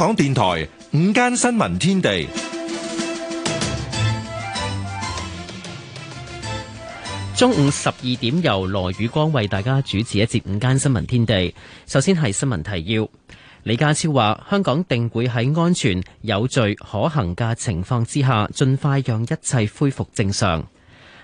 港電台午間新聞天地，中午十二點由羅宇光為大家主持一節午間新聞天地。首先係新聞提要，李家超話香港定會喺安全、有序、可行嘅情況之下，盡快讓一切恢復正常。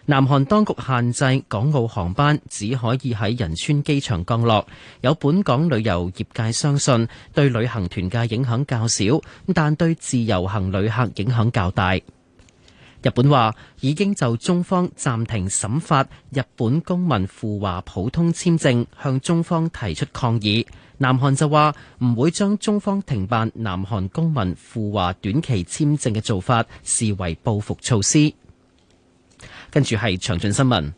南韓當局限制港澳航班，只可以喺仁川機場降落。有本港旅遊業界相信，對旅行團嘅影響較少，但對自由行旅客影響較大。日本話已經就中方暫停審發日本公民赴華普通簽證向中方提出抗議。南韓就話唔會將中方停辦南韓公民赴華短期簽證嘅做法視為報復措施。跟住係詳盡新聞。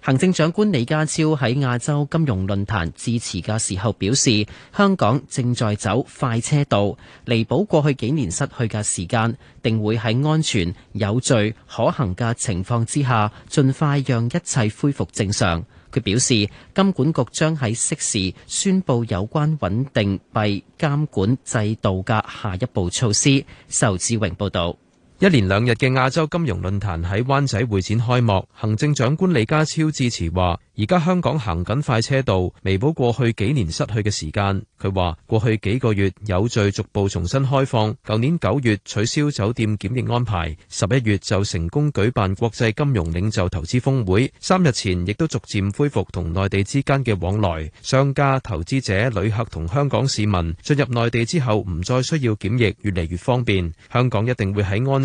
行政長官李家超喺亞洲金融論壇致辭嘅時候表示，香港正在走快車道，彌補過去幾年失去嘅時間，定會喺安全、有序、可行嘅情況之下，盡快讓一切恢復正常。佢表示，金管局將喺適時宣布有關穩定幣監管制度嘅下一步措施。仇志榮報道。一連兩日嘅亞洲金融論壇喺灣仔會展開幕，行政長官李家超致辭話，而家香港行緊快車道，彌補過去幾年失去嘅時間。佢話過去幾個月有序逐步重新開放，舊年九月取消酒店檢疫安排，十一月就成功舉辦國際金融領袖投資峰會，三日前亦都逐漸恢復同內地之間嘅往來，商家、投資者、旅客同香港市民進入內地之後唔再需要檢疫，越嚟越方便。香港一定會喺安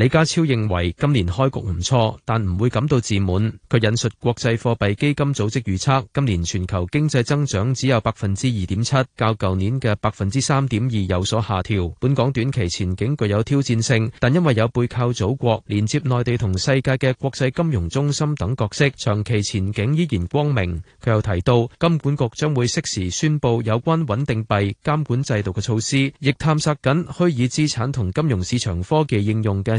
李家超認為今年開局唔錯，但唔會感到自滿。佢引述國際貨幣基金組織預測，今年全球經濟增長只有百分之二點七，較舊年嘅百分之三點二有所下調。本港短期前景具有挑戰性，但因為有背靠祖國、連接內地同世界嘅國際金融中心等角色，長期前景依然光明。佢又提到，金管局將會適時宣布有關穩定幣監管制度嘅措施，亦探索緊虛擬資產同金融市場科技應用嘅。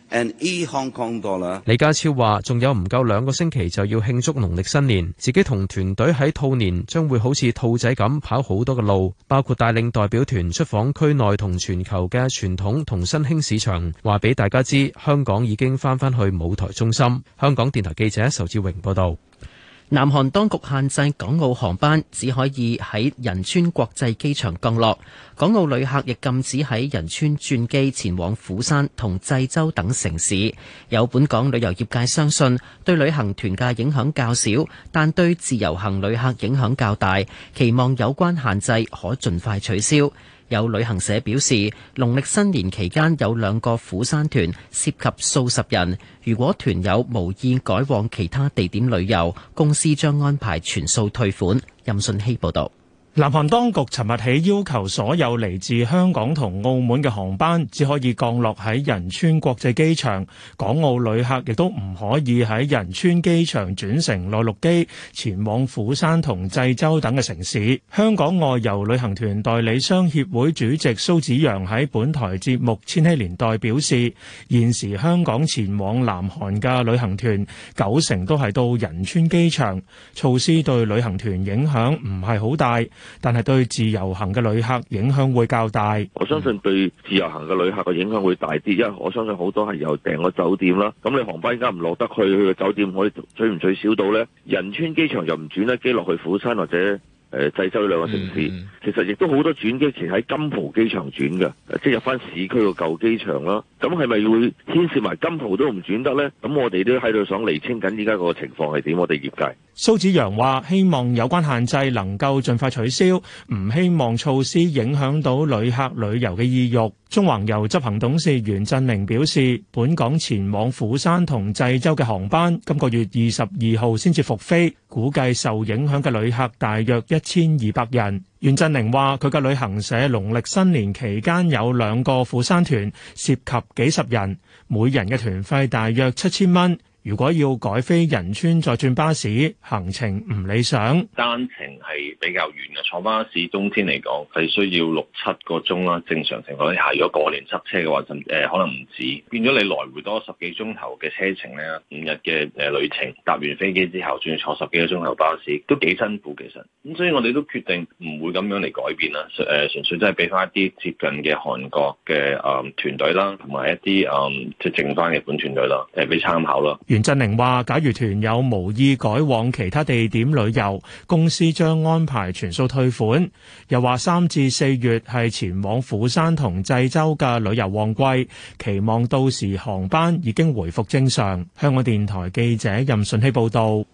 李家超話，仲有唔夠兩個星期就要慶祝農曆新年，自己同團隊喺兔年將會好似兔仔咁跑好多嘅路，包括帶領代表團出訪區內同全球嘅傳統同新興市場，話俾大家知香港已經翻返去舞台中心。香港電台記者仇志榮報道。南韓當局限制港澳航班，只可以喺仁川國際機場降落。港澳旅客亦禁止喺仁川轉機前往釜山同濟州等城市。有本港旅遊業界相信，對旅行團價影響較少，但對自由行旅客影響較大。期望有關限制可盡快取消。有旅行社表示，農曆新年期間有兩個釜山團涉及數十人，如果團友無意改往其他地點旅遊，公司將安排全數退款。任信希報道。南韓當局尋日起要求所有嚟自香港同澳門嘅航班只可以降落喺仁川國際機場，港澳旅客亦都唔可以喺仁川機場轉乘內陸機前往釜山同濟州等嘅城市。香港外遊旅行團代理商協會主席蘇子陽喺本台節目《千禧年代》表示，現時香港前往南韓嘅旅行團九成都係到仁川機場，措施對旅行團影響唔係好大。但係對自由行嘅旅客影響會較大，我相信對自由行嘅旅客個影響會大啲，因為我相信好多係由訂個酒店啦，咁你航班而家唔落得去，去個酒店，可以取唔取消到呢？仁川機場又唔轉呢機落去釜山或者？誒，濟州兩個城市，其實亦都好多轉機，前喺金浦機場轉嘅，即係入翻市區個舊機場啦。咁係咪會牽涉埋金浦都唔轉得呢？咁我哋都喺度想釐清緊依家個情況係點。我哋業界，蘇子揚話：希望有關限制能夠盡快取消，唔希望措施影響到旅客旅遊嘅意欲。中環遊執行董事袁振明表示，本港前往釜山同濟州嘅航班，今個月二十二號先至復飛，估計受影響嘅旅客大約一千二百人，袁振寧話佢嘅旅行社農曆新年期間有兩個釜山團，涉及幾十人，每人嘅團費大約七千蚊。如果要改飛仁川，再轉巴士，行程唔理想。單程係比較遠嘅，坐巴士冬天嚟講係需要六七個鐘啦。正常情況，下，但係如果過年塞車嘅話，甚、呃、誒可能唔止。變咗你來回多十幾鐘頭嘅車程咧，五日嘅誒、呃、旅程，搭完飛機之後，仲要坐十幾個鐘頭巴士，都幾辛苦其實。咁所以我哋都決定唔會咁樣嚟改變啦。誒、呃，純粹真係俾翻一啲接近嘅韓國嘅誒、呃、團隊啦，同埋一啲誒即係剩翻日本團隊啦，誒、呃、俾、呃、參考咯。袁振寧話，假如團友無意改往其他地點旅遊，公司將安排全數退款。又話三至四月係前往釜山同濟州嘅旅遊旺季，期望到時航班已經回復正常。香港電台記者任順希報道。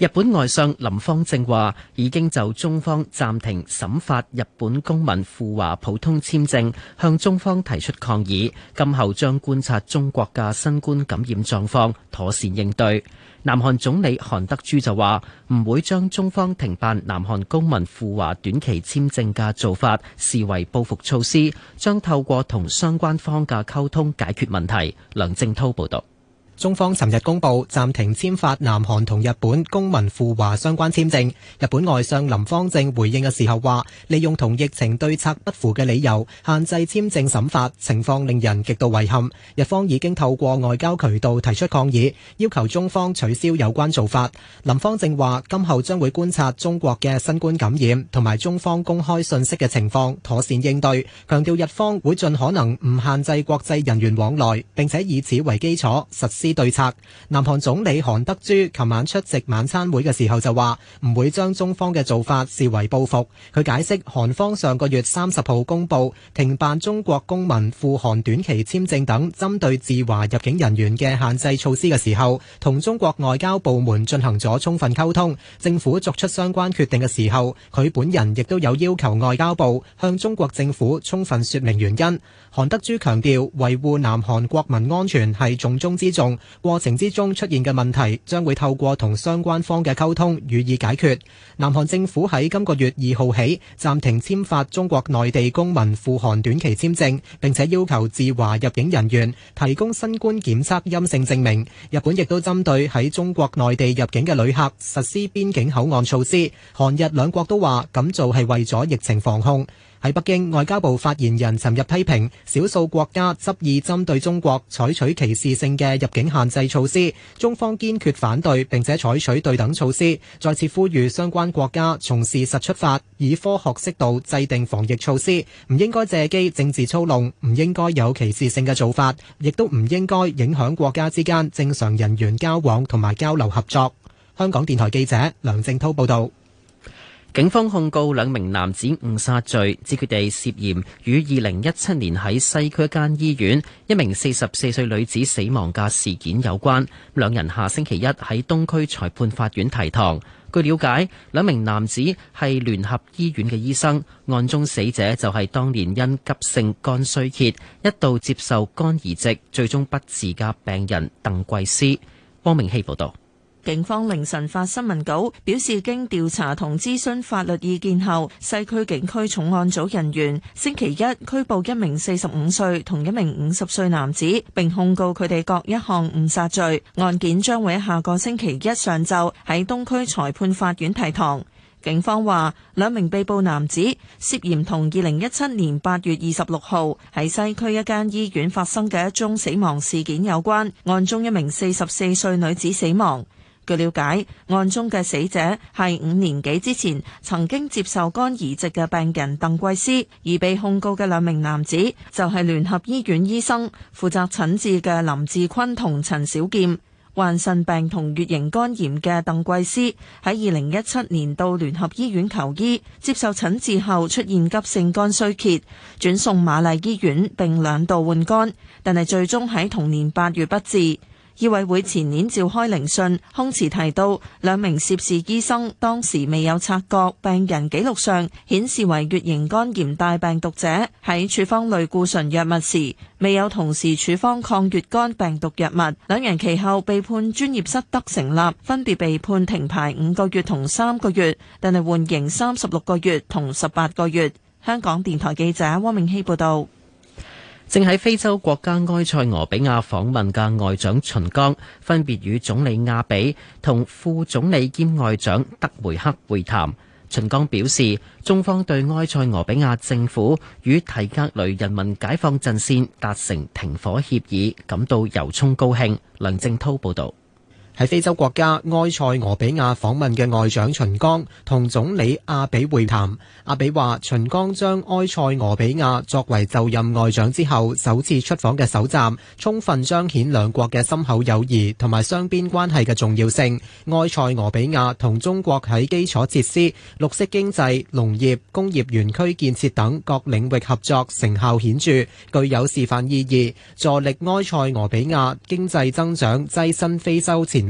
日本外相林芳正話，已經就中方暫停審發日本公民赴華普通簽證，向中方提出抗議，今後將觀察中國嘅新冠感染狀況妥善應對。南韓總理韓德洙就話，唔會將中方停辦南韓公民赴華短期簽證嘅做法視為報復措施，將透過同相關方嘅溝通解決問題，梁正濤報道。中方尋日公佈暫停簽發南韓同日本公民赴華相關簽證。日本外相林芳正回應嘅時候話：利用同疫情對策不符嘅理由限制簽證審發，情況令人極度遺憾。日方已經透過外交渠道提出抗議，要求中方取消有關做法。林芳正話：今後將會觀察中國嘅新冠感染同埋中方公開信息嘅情況，妥善應對。強調日方會盡可能唔限制國際人員往來，並且以此為基礎實施。對策。南韓總理韓德珠琴晚出席晚餐會嘅時候就話，唔會將中方嘅做法視為報復。佢解釋，韓方上個月三十號公布停辦中國公民赴韓短期簽證等針對自華入境人員嘅限制措施嘅時候，同中國外交部門進行咗充分溝通。政府作出相關決定嘅時候，佢本人亦都有要求外交部向中國政府充分說明原因。韓德珠強調，維護南韓國民安全係重中之重。過程之中出現嘅問題將會透過同相關方嘅溝通予以解決。南韓政府喺今個月二號起暫停簽發中國內地公民赴韓短期簽證，並且要求自華入境人員提供新冠檢測陰性證明。日本亦都針對喺中國內地入境嘅旅客實施邊境口岸措施。韓日兩國都話咁做係為咗疫情防控。喺北京，外交部發言人尋日批評少數國家執意針對中國採取歧視性嘅入境限制措施，中方堅決反對並且採取對等措施。再次呼籲相關國家從事實出發，以科學適度制定防疫措施，唔應該借機政治操弄，唔應該有歧視性嘅做法，亦都唔應該影響國家之間正常人員交往同埋交流合作。香港電台記者梁正滔報導。警方控告兩名男子誤殺罪，指佢哋涉嫌與二零一七年喺西區一間醫院一名四十四歲女子死亡嘅事件有關。兩人下星期一喺東區裁判法院提堂。據了解，兩名男子係聯合醫院嘅醫生，案中死者就係當年因急性肝衰竭一度接受肝移植最終不治嘅病人鄧桂思。汪明熙報道。警方凌晨發新聞稿，表示經調查同諮詢法律意見後，西區警區重案組人員星期一拘捕一名四十五歲同一名五十歲男子，並控告佢哋各一項誤殺罪。案件將會下個星期一上晝喺東區裁判法院提堂。警方話，兩名被捕男子涉嫌同二零一七年八月二十六號喺西區一間醫院發生嘅一宗死亡事件有關，案中一名四十四歲女子死亡。據了解，案中嘅死者係五年幾之前曾經接受肝移植嘅病人鄧桂思，而被控告嘅兩名男子就係聯合醫院醫生負責診治嘅林志坤同陳小劍。患腎病同乙型肝炎嘅鄧桂思喺二零一七年到聯合醫院求醫，接受診治後出現急性肝衰竭，轉送瑪麗醫院並兩度換肝，但係最終喺同年八月不治。醫委會前年召開聆訊，控詞提到兩名涉事醫生當時未有察覺病人記錄上顯示為乙型肝炎帶病毒者，喺處方類固醇藥物時未有同時處方抗乙肝病毒藥物。兩人其後被判專業失德成立，分別被判停牌五個月同三個月，但係緩刑三十六個月同十八個月。香港電台記者汪明熙報道。正喺非洲國家埃塞俄比亞訪問嘅外長秦剛，分別與總理阿比同副總理兼外長德梅克會談。秦剛表示，中方對埃塞俄比亞政府與提格雷人民解放陣線達成停火協議感到由衷高興。梁正滔報導。喺非洲國家埃塞俄比亞訪問嘅外長秦剛同總理阿比會談，阿比話秦剛將埃塞俄比亞作為就任外長之後首次出訪嘅首站，充分彰顯兩國嘅深厚友誼同埋雙邊關係嘅重要性。埃塞俄比亞同中國喺基礎設施、綠色經濟、農業、工業園區建設等各領域合作成效顯著，具有示範意義，助力埃塞俄比亞經濟增長，躋身非洲前。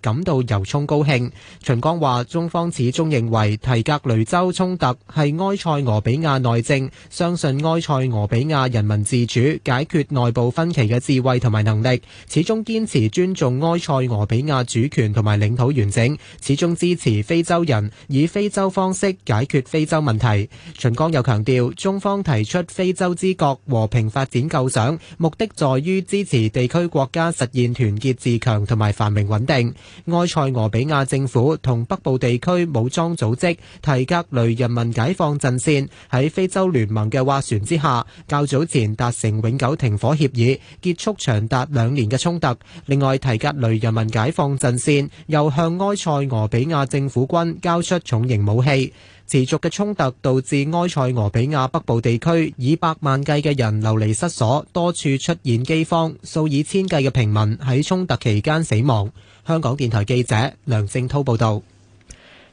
感到由衷高興。秦剛話：中方始終認為提格雷州衝突係埃塞俄比亞內政，相信埃塞俄比亞人民自主解決內部分歧嘅智慧同埋能力，始終堅持尊重埃塞俄比亞主權同埋領土完整，始終支持非洲人以非洲方式解決非洲問題。秦剛又強調，中方提出非洲之角和平發展構想，目的在於支持地區國家實現團結、自強同埋繁榮穩定。埃塞俄比亞政府同北部地區武裝組織提格雷人民解放陣線喺非洲聯盟嘅斡旋之下，較早前達成永久停火協議，結束長達兩年嘅衝突。另外，提格雷人民解放陣線又向埃塞俄比亞政府軍交出重型武器。持續嘅衝突導致埃塞俄比亞北部地區以百萬計嘅人流離失所，多處出現饑荒，數以千計嘅平民喺衝突期間死亡。香港電台記者梁正濤報道，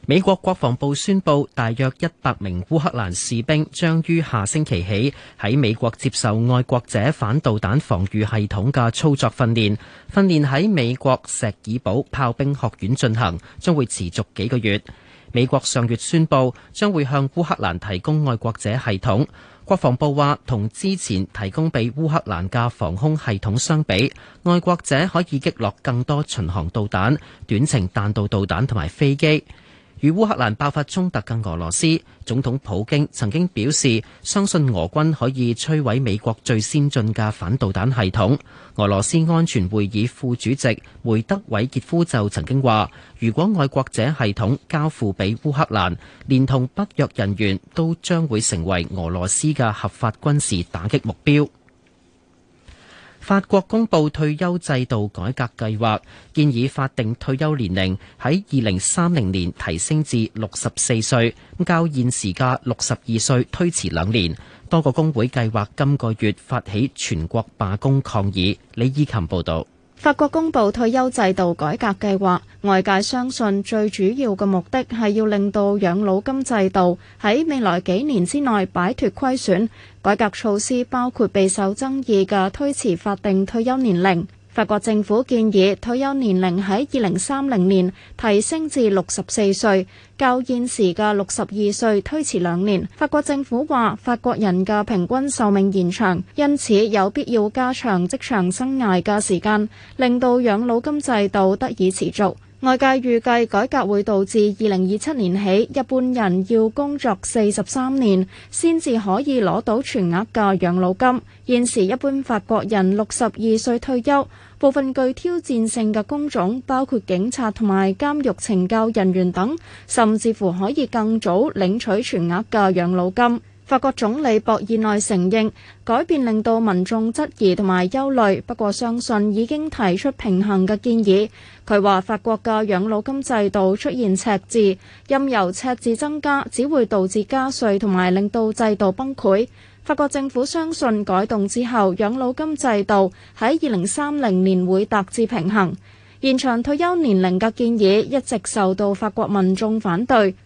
美國國防部宣布，大約一百名烏克蘭士兵將於下星期起喺美國接受愛國者反導彈防禦系統嘅操作訓練，訓練喺美國石爾堡炮兵學院進行，將會持續幾個月。美國上月宣布將會向烏克蘭提供愛國者系統。國防部話，同之前提供俾烏克蘭嘅防空系統相比，愛國者可以擊落更多巡航導彈、短程彈道導彈同埋飛機。與烏克蘭爆發衝突嘅俄羅斯總統普京曾經表示，相信俄軍可以摧毀美國最先進嘅反導彈系統。俄羅斯安全會議副主席梅德韋傑夫就曾經話，如果愛國者系統交付俾烏克蘭，連同北約人員都將會成為俄羅斯嘅合法軍事打擊目標。法國公布退休制度改革計劃，建議法定退休年齡喺二零三零年提升至六十四歲，咁較現時嘅六十二歲推遲兩年。多個工會計劃今個月發起全國罷工抗議。李依琴報道。法國公布退休制度改革計劃，外界相信最主要嘅目的係要令到養老金制度喺未來幾年之內擺脫虧損。改革措施包括備受爭議嘅推遲法定退休年齡。法國政府建議退休年齡喺二零三零年提升至六十四歲，較現時嘅六十二歲推遲兩年。法國政府話，法國人嘅平均壽命延長，因此有必要加長職場生涯嘅時間，令到養老金制度得以持續。外界預計改革會導致二零二七年起，一般人要工作四十三年先至可以攞到全額嘅養老金。現時一般法國人六十二歲退休，部分具挑戰性嘅工種，包括警察同埋監獄懲教人員等，甚至乎可以更早領取全額嘅養老金。法國總理博爾內承認改變令到民眾質疑同埋憂慮，不過相信已經提出平衡嘅建議。佢話法國嘅養老金制度出現赤字，任由赤字增加只會導致加稅同埋令到制度崩潰。法國政府相信改動之後養老金制度喺二零三零年會達至平衡。延長退休年齡嘅建議一直受到法國民眾反對。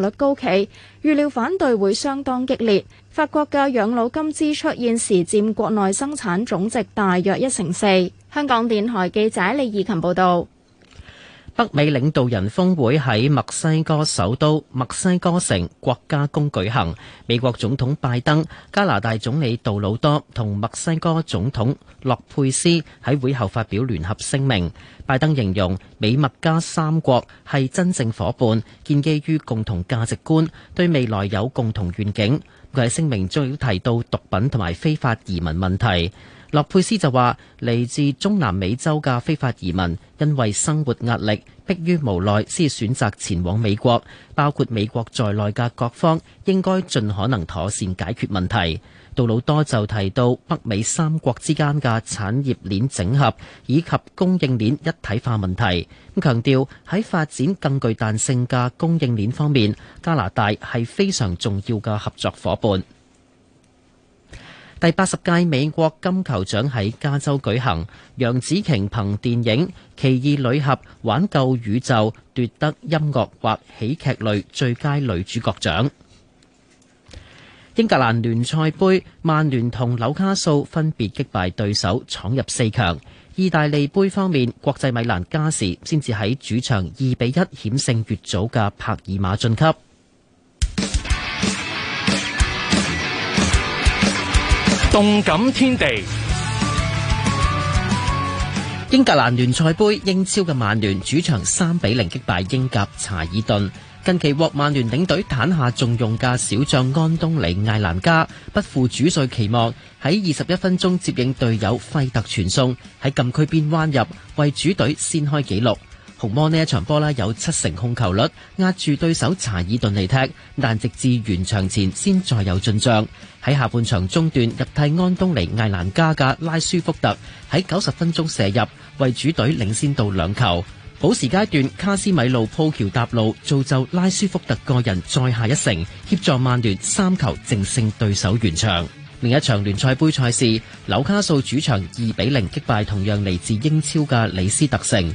率高企，預料反對會相當激烈。法國嘅養老金支出現時佔國內生產總值大約一成四。香港電台記者李怡勤報道。北美領導人峰會喺墨西哥首都墨西哥城國家宮舉行，美國總統拜登、加拿大總理杜魯多同墨西哥總統洛佩斯喺會後發表聯合聲明。拜登形容美墨加三國係真正夥伴，建基於共同價值觀，對未來有共同願景。佢喺聲明中提到毒品同埋非法移民問題。洛佩斯就話：嚟自中南美洲嘅非法移民，因為生活壓力，迫於無奈，先選擇前往美國。包括美國在內嘅各方，應該盡可能妥善解決問題。杜魯多就提到北美三國之間嘅產業鏈整合以及供應鏈一體化問題，咁強調喺發展更具彈性嘅供應鏈方面，加拿大係非常重要嘅合作伙伴。第八十屆美國金球獎喺加州舉行，楊紫瓊憑電影《奇異女俠玩救宇宙》，奪得音樂或喜劇類最佳女主角獎。英格蘭聯賽盃，曼聯同紐卡素分別擊敗對手，闖入四強。意大利盃方面，國際米蘭加時先至喺主場二比一險勝乙組嘅帕爾馬晉級。動感天地，英格蘭聯賽盃英超嘅曼聯主場三比零擊敗英甲查爾頓。近期獲曼聯領隊坦下重用嘅小將安東尼艾蘭加，不負主帥期望，喺二十一分鐘接應隊友費特傳送，喺禁區邊彎入為主隊先開紀錄。紅魔呢一場波啦有七成控球率，壓住對手查爾頓嚟踢，但直至完場前先再有進賬。喺下半場中段入替安東尼艾蘭加嘅拉舒福特喺九十分鐘射入，為主隊領先到兩球。補時階段卡斯米路鋪橋搭路，造就拉舒福特個人再下一城，協助曼聯三球淨勝對手完場。另一場聯賽杯賽事紐卡素主場二比零擊敗同樣嚟自英超嘅李斯特城。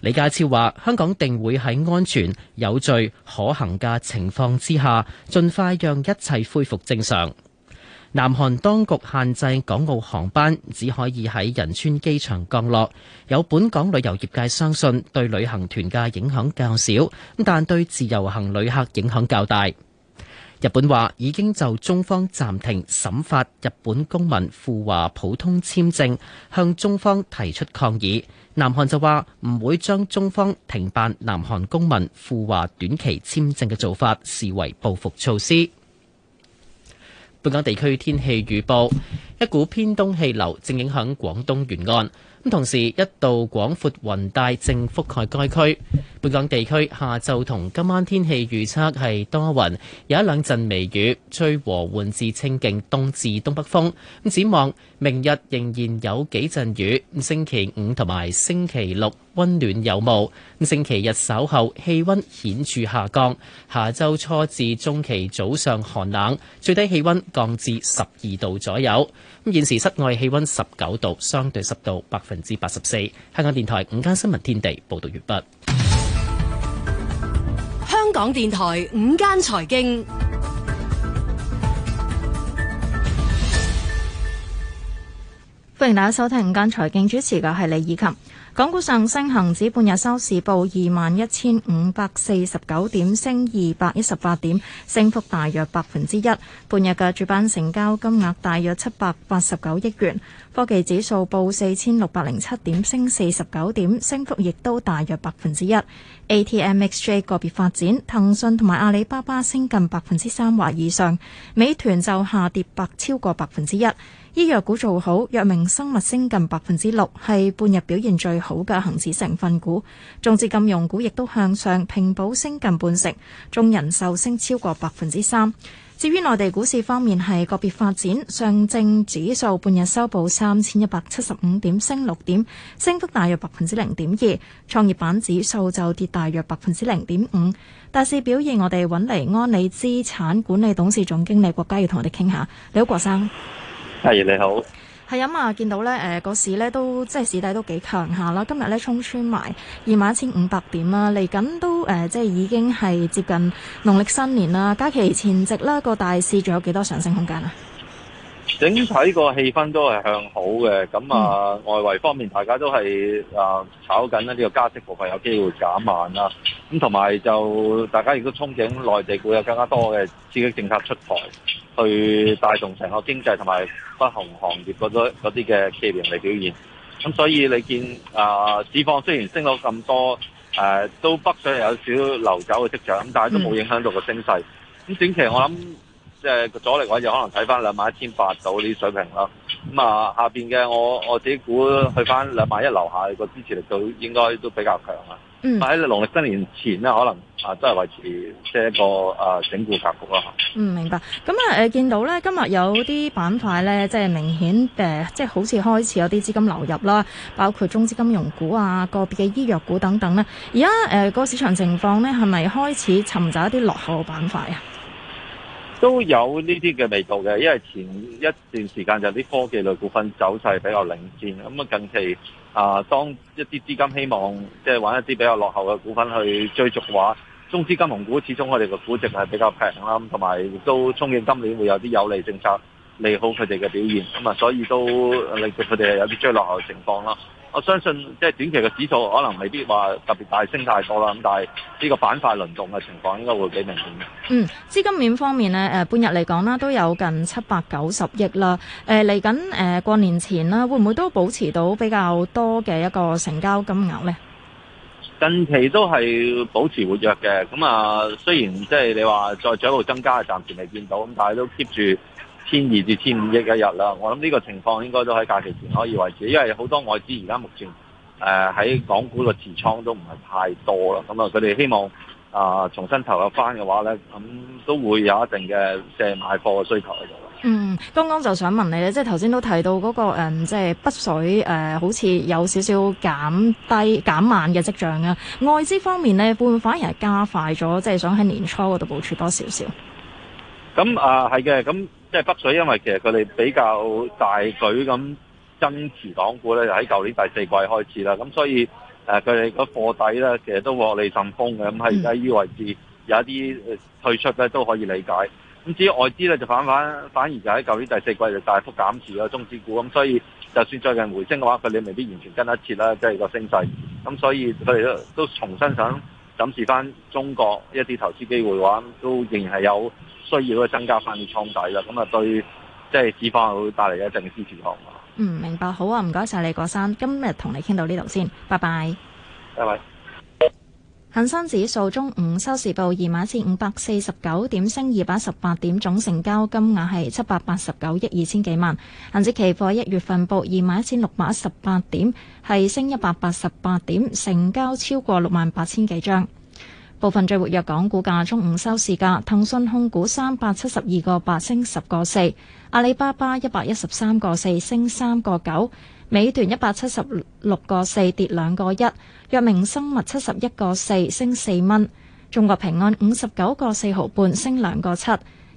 李家超話：香港定會喺安全、有序、可行嘅情況之下，盡快讓一切恢復正常。南韓當局限制港澳航班，只可以喺仁川機場降落。有本港旅遊業界相信，對旅行團嘅影響較少，但對自由行旅客影響較大。日本話已經就中方暫停審發日本公民赴華普通簽證，向中方提出抗議。南韓就話唔會將中方停辦南韓公民赴華短期簽證嘅做法視為報復措施。本港地區天氣預報，一股偏東氣流正影響廣東沿岸。同時，一道廣闊雲帶正覆蓋該區，本港地區下晝同今晚天氣預測係多雲，有一兩陣微雨，吹和緩至清勁，東至東北風，展望，明日仍然有幾陣雨，星期五同埋星期六，溫暖有霧，星期日稍後氣溫顯著下降，下周初至中期早上寒冷，最低氣溫降至十二度左右。咁現時室外氣溫十九度，相對濕度百分之八十四。香港電台午間新聞天地報道完畢。香港電台午間財經，歡迎大家收聽午間財經，主持嘅係李以琴。港股上升，恒指半日收市報二萬一千五百四十九點，升二百一十八點，升幅大約百分之一。半日嘅主板成交金額大約七百八十九億元。科技指數報四千六百零七點，升四十九點，升幅亦都大約百分之一。ATMXJ 個別發展，騰訊同埋阿里巴巴升近百分之三或以上，美團就下跌百超過百分之一。醫藥股做好，藥明生物升近百分之六，係半日表現最好嘅恒指成分股。中資金融股亦都向上平保，升近半成，中人壽升超過百分之三。至於內地股市方面，係個別發展，上證指數半日收報三千一百七十五點，升六點，升幅大約百分之零點二。創業板指數就跌大約百分之零點五。大市表現，我哋揾嚟安理資產管理董事總經理郭家要同我哋傾下。你好，郭生。係你好，係咁啊！見到咧，誒、呃，個市咧都即係市底都幾強下啦。今日咧衝穿埋二萬一千五百點啦，嚟緊都誒、呃，即係已經係接近農曆新年啦。假期前夕啦，個大市仲有幾多上升空間啊？整體個氣氛都係向好嘅，咁啊、嗯、外圍方面大家都係啊炒緊啦，呢個加息步伐有機會減慢啦，咁同埋就大家亦都憧憬內地股有更加多嘅刺激政策出台，去帶動成個經濟同埋不同行業嗰啲啲嘅企業嚟表現。咁、嗯、所以你見啊市況雖然升咗咁多，誒、啊、都北上有少流走嘅跡象，咁但係都冇影響到個升勢。咁、嗯嗯、短期我諗。即係阻力位就可能睇翻兩萬一千八到呢啲水平咯。咁啊，下邊嘅我我自己估去翻兩萬一樓下個支持力都應該都比較強啊。嗯，喺農曆新年前呢，可能啊都係維持即係一個啊整固格局咯。啊、嗯，明白。咁啊，誒、呃、見到咧今日有啲板塊咧，即係明顯誒，即係好似開始有啲資金流入啦，包括中資金融股啊、個別嘅醫藥股等等咧。而家誒個市場情況咧，係咪開始尋找一啲落後嘅板塊啊？都有呢啲嘅味道嘅，因為前一段時間就啲科技類股份走勢比較領先，咁啊近期啊、呃、當一啲資金希望即係玩一啲比較落後嘅股份去追逐嘅話，中資金融股始終我哋嘅股值係比較平啦，同埋亦都憧憬今年會有啲有利政策。利好佢哋嘅表現，咁、嗯、啊，所以都令到佢哋有啲追落後嘅情況咯。我相信即係短期嘅指數可能未必話特別大升太多啦，咁但係呢個板塊輪動嘅情況應該會幾明顯嘅。嗯，資金面方面呢，誒、呃、半日嚟講啦，都有近七百九十億啦。誒嚟緊誒過年前啦，會唔會都保持到比較多嘅一個成交金額呢？近期都係保持活躍嘅，咁、嗯、啊，雖然即係你話再進一步增加，暫時未見到，咁但係都 keep 住。千二至千五億一日啦，我諗呢個情況應該都喺假期前可以維持，因為好多外資而家目前誒喺港股度持倉都唔係太多啦，咁啊佢哋希望啊重新投入返嘅話咧，咁都會有一定嘅即係買貨嘅需求喺度。嗯，剛剛就想問你咧，即係頭先都提到嗰、那個誒、嗯，即係北水誒、呃，好似有少少減低減慢嘅跡象啊，外資方面咧會唔會，嗯那個嗯呃、會，會反而係加快咗，即係想喺年初嗰度部署多少少？咁啊、嗯，係、呃、嘅，咁。嗯即係北水，因為其實佢哋比較大舉咁增持港股咧，就喺舊年第四季開始啦。咁所以誒，佢哋個貨底咧，其實都獲利甚豐嘅。咁喺而家依位置有一啲退出咧，都可以理解。咁至於外資咧，就反反反而就喺舊年第四季就大幅減持咗中資股。咁所以就算最近回升嘅話，佢哋未必完全跟得切啦，即係個升勢。咁所以佢哋都重新想。審視翻中國一啲投資機會嘅話，都仍然係有需要去增加翻啲倉底啦。咁啊，對，即係市場會帶嚟一定嘅支持喎。嗯，明白。好啊，唔該晒你，郭生，今日同你傾到呢度先，拜拜。拜拜。恒生指數中午收市報二萬一千五百四十九點，升二百十八點，總成交金額係七百八十九億二千幾萬。恒指期貨一月份報二萬一千六百一十八點，係升一百八十八點，成交超過六萬八千幾張。部分最活躍港股價中午收市價，騰訊控股三百七十二個八升十個四，阿里巴巴一百一十三個四升三個九。美團一百七十六個四跌兩個一，藥明生物七十一個四升四蚊，中國平安五十九個四毫半升兩個七，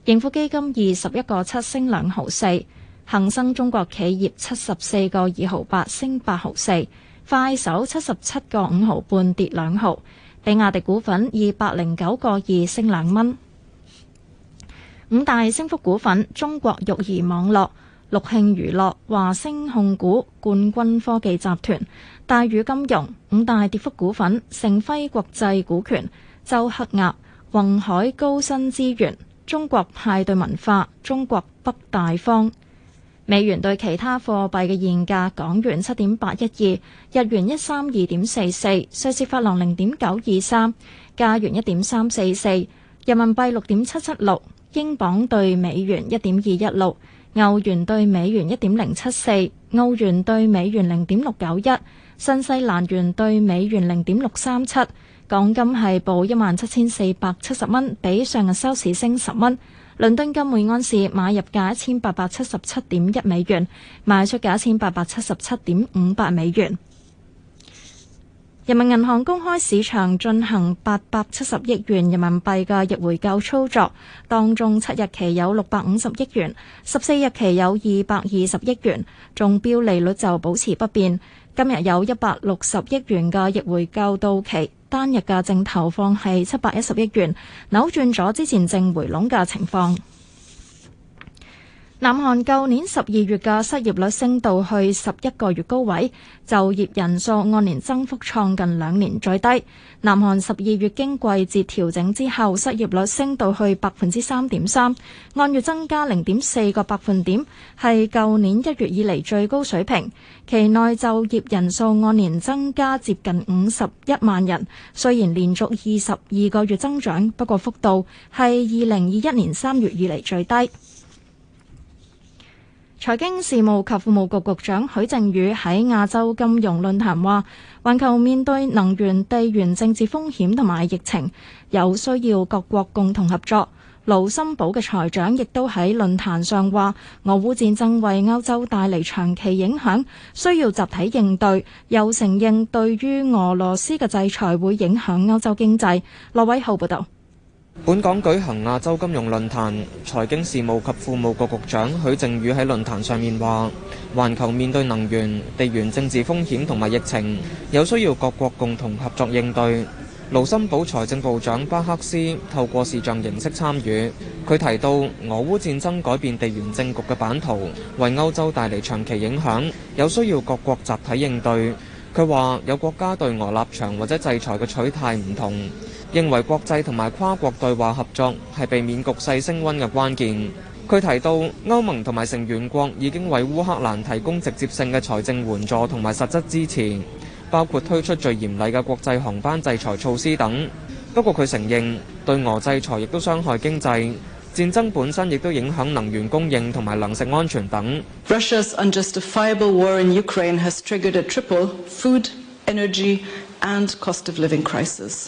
盈富基金二十一個七升兩毫四，恒生中國企業七十四個二毫八升八毫四，快手七十七個五毫半跌兩毫，比亞迪股份二百零九個二升兩蚊，五大升幅股份：中國育兒網絡。陸慶娛樂、華星控股、冠軍科技集團、大禹金融，五大跌幅股份，盛輝國際股權、周黑鴨、宏海高新資源、中國派對文化、中國北大方。美元對其他貨幣嘅現價：港元七點八一二，日元一三二點四四，瑞士法郎零點九二三，加元一點三四四，人民幣六點七七六，英鎊兌美元一點二一六。歐元對美元一點零七四，澳元對美元零點六九一，新西蘭元對美元零點六三七，港金係報一萬七千四百七十蚊，比上日收市升十蚊。倫敦金每安士買入價一千八百七十七點一美元，賣出價一千八百七十七點五八美元。人民銀行公開市場進行八百七十億元人民幣嘅逆回購操作，當中七日期有六百五十億元，十四日期有二百二十億元，中標利率就保持不變。今日有一百六十億元嘅逆回購到期，單日嘅淨投放係七百一十億元，扭轉咗之前淨回籠嘅情況。南韓舊年十二月嘅失業率升到去十一個月高位，就業人數按年增幅創近兩年最低。南韓十二月經季節調整之後，失業率升到去百分之三點三，按月增加零點四個百分點，係舊年一月以嚟最高水平。期內就業人數按年增加接近五十一萬人，雖然連續二十二個月增長，不過幅度係二零二一年三月以嚟最低。財經事務及庫務局局長許正宇喺亞洲金融論壇話：環球面對能源、地緣政治風險同埋疫情，有需要各國共同合作。盧森堡嘅財長亦都喺論壇上話：俄烏戰爭為歐洲帶嚟長期影響，需要集體應對。又承認對於俄羅斯嘅制裁會影響歐洲經濟。羅偉浩報道。本港舉行亞洲金融論壇，財經事務及庫務局局長許正宇喺論壇上面話，環球面對能源、地緣政治風險同埋疫情，有需要各國共同合作應對。盧森堡財政部長巴克斯透過視像形式參與，佢提到俄烏戰爭改變地緣政局嘅版圖，為歐洲帶嚟長期影響，有需要各國集體應對。佢話有國家對俄立場或者制裁嘅取態唔同。認為國際同埋跨國對話合作係避免局勢升溫嘅關鍵。佢提到歐盟同埋成員國已經為烏克蘭提供直接性嘅財政援助同埋實質支持，包括推出最嚴厲嘅國際航班制裁措施等。不過，佢承認對俄制裁亦都傷害經濟，戰爭本身亦都影響能源供應同埋糧食安全等。Russia's unjustifiable war in Ukraine has triggered a triple food, energy, and cost of living crisis.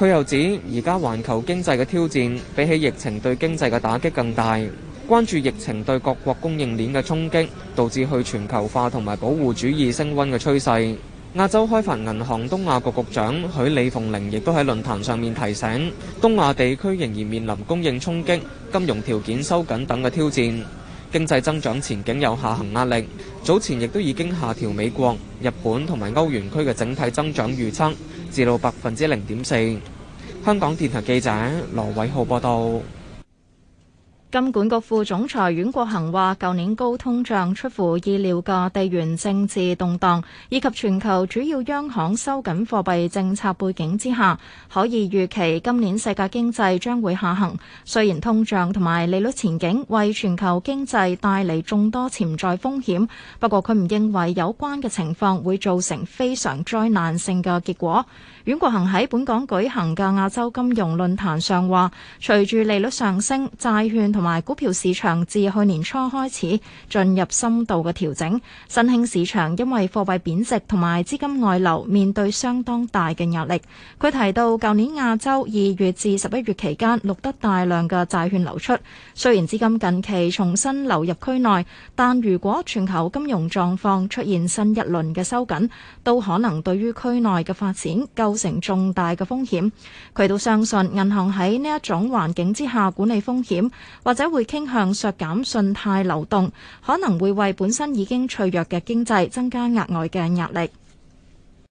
佢又指，而家環球經濟嘅挑戰，比起疫情對經濟嘅打擊更大，關注疫情對各國供應鏈嘅衝擊，導致去全球化同埋保護主義升溫嘅趨勢。亞洲開發銀行東亞局局長許李鳳玲亦都喺論壇上面提醒，東亞地區仍然面臨供應衝擊、金融條件收緊等嘅挑戰，經濟增長前景有下行壓力。早前亦都已經下調美國、日本同埋歐元區嘅整體增長預測。至到百分之零點四。香港電台記者羅偉浩報道。金管局副總裁阮國恒話，舊年高通脹出乎意料嘅地緣政治動盪，以及全球主要央行收緊貨幣政策背景之下，可以預期今年世界經濟將會下行。雖然通脹同埋利率前景為全球經濟帶嚟眾多潛在風險，不過佢唔認為有關嘅情況會造成非常災難性嘅結果。阮國恒喺本港舉行嘅亞洲金融論壇上話，隨住利率上升，債券同同埋股票市場自去年初開始進入深度嘅調整，新興市場因為貨幣貶值同埋資金外流，面對相當大嘅壓力。佢提到，舊年亞洲二月至十一月期間錄得大量嘅債券流出，雖然資金近期重新流入區內，但如果全球金融狀況出現新一輪嘅收緊，都可能對於區內嘅發展構成重大嘅風險。佢都相信銀行喺呢一種環境之下管理風險。或者會傾向削減信貸流動，可能會為本身已經脆弱嘅經濟增加額外嘅壓力。